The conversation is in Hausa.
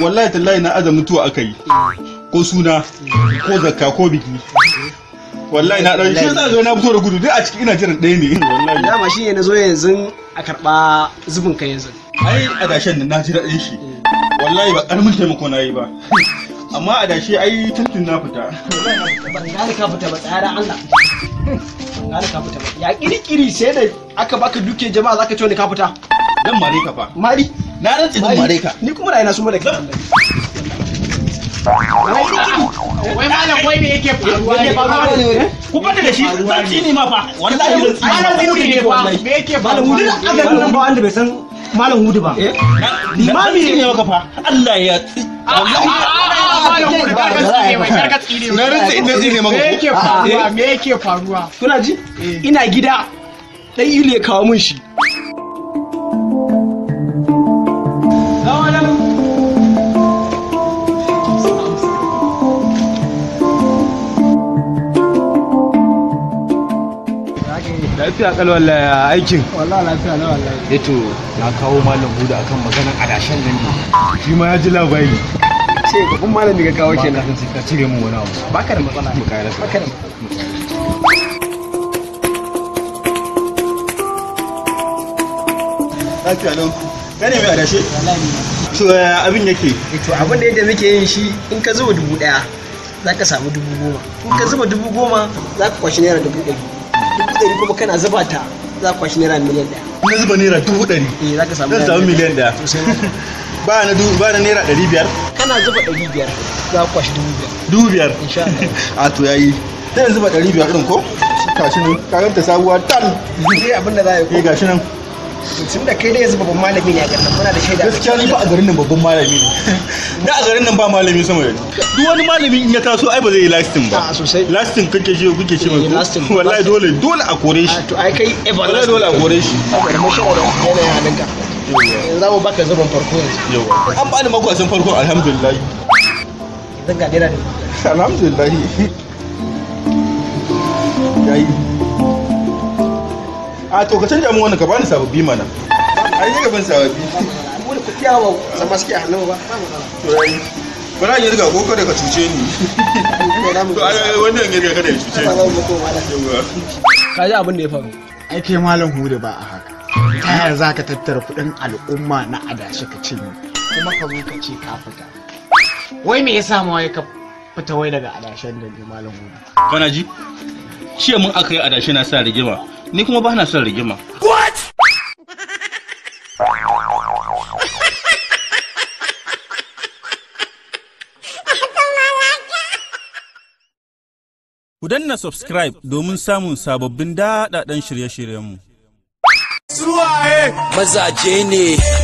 wallahi tallahi na aza mutuwa aka yi ko suna ko zakka ko biki wallahi na ɗauki shi zo na fito da gudu duk a ciki ina jiran ɗaya ne wallahi dama shi ne na zo yanzu a karɓa zubin ka yanzu ai adashen da na ji daɗin shi wallahi ba ƙaramin taimako na yi ba amma adashe ai tuntun na fita ban gane ka fita ba tsara Allah Kare ka fita ba. Ya kirkiri sai da aka baka duke jama'a zaka ce wani ka fita. Dan mare ka fa. Mari. Na rantsi dan mare ka. Ni kuma rayuwa sun bada kai. Wai malam wai me yake faruwa ne ba ne ku fata da shi sarki ne ma fa wallahi malam hudu ne fa me yake malam hudu a ga nan ba wanda bai san malam hudu ba eh? limami ne maka fa Allah ya ah, ah, ah, mai karka tsire na rantsa ina tsire maka me yake faruwa eh. me yake faruwa kuna ji eh. ina gida dan ya kawo mun shi lafiya kal wallahi aikin wallahi lafiya na wallahi eto eh na kawo malam buda akan maganar adashen nan ne shi ma ya ji labari ce gaban malami ga kawo kenan ka cire mu wani abu baka da matsala baka da Lafiya lau. Gane mai adashe? To abin yake? Eh, to abin da yadda muke yin shi in ka zuba dubu daya za ka samu dubu goma. In ka zuba dubu goma za ka kwashi naira dubu ɗari. Dubu ɗari kuma kana zuba ta za ka kwashi naira miliyan ɗaya. na zuba naira dubu ɗari eh, zan samu miliyan ɗaya ba na dubu ba na naira ɗari biyar kana zuba ɗari biyar za ku kwashi dubu biyar dubu biyar insha Allah a to yayi zan zuba ɗari biyar ɗin ko gashi nan ka ganta sabuwa tan ya abin da za a yi ko eh, gashi nan tun da kai da yanzu babban malami ne a garin muna da shaida gaskiya ni ba a garin nan babban malami ne da a garin nan ba malami sama da duk wani malami in ya taso ai ba zai yi lasting ba a ah, sosai lasting kake shi kuke shi mai eh, wallahi dole dole a kore shi ah, to ai kai eh, wallahi dole a kore shi saboda mun shaida ya halinka za mu baka zuban farko yanzu an bani makwasin farko alhamdulillah zan ga dira ne alhamdulillah yayi a to ka canja min wannan ka bani sababbi mana ai ne gaban sababbi wani ku tiyawa zama suke a hannun ba to yayi bana yin riga ko kada ka cuce ni to ai wannan ne kada ya cuce ni ka ji abin da ya faru ai kai malam hudu ba a haka ta yaya za ka tattara kuɗin al'umma na adashi ka ce ni kuma ka zo ka ce ka fita wai me yasa ma wai ka fita wai daga adashin da malam hudu kana ji ce mun aka yi adashi na sa rigima ni kuma ba na son rigima what Ku danna subscribe domin samun sababbin daɗaɗɗen shirye-shiryenmu. eh! Mazaje ne!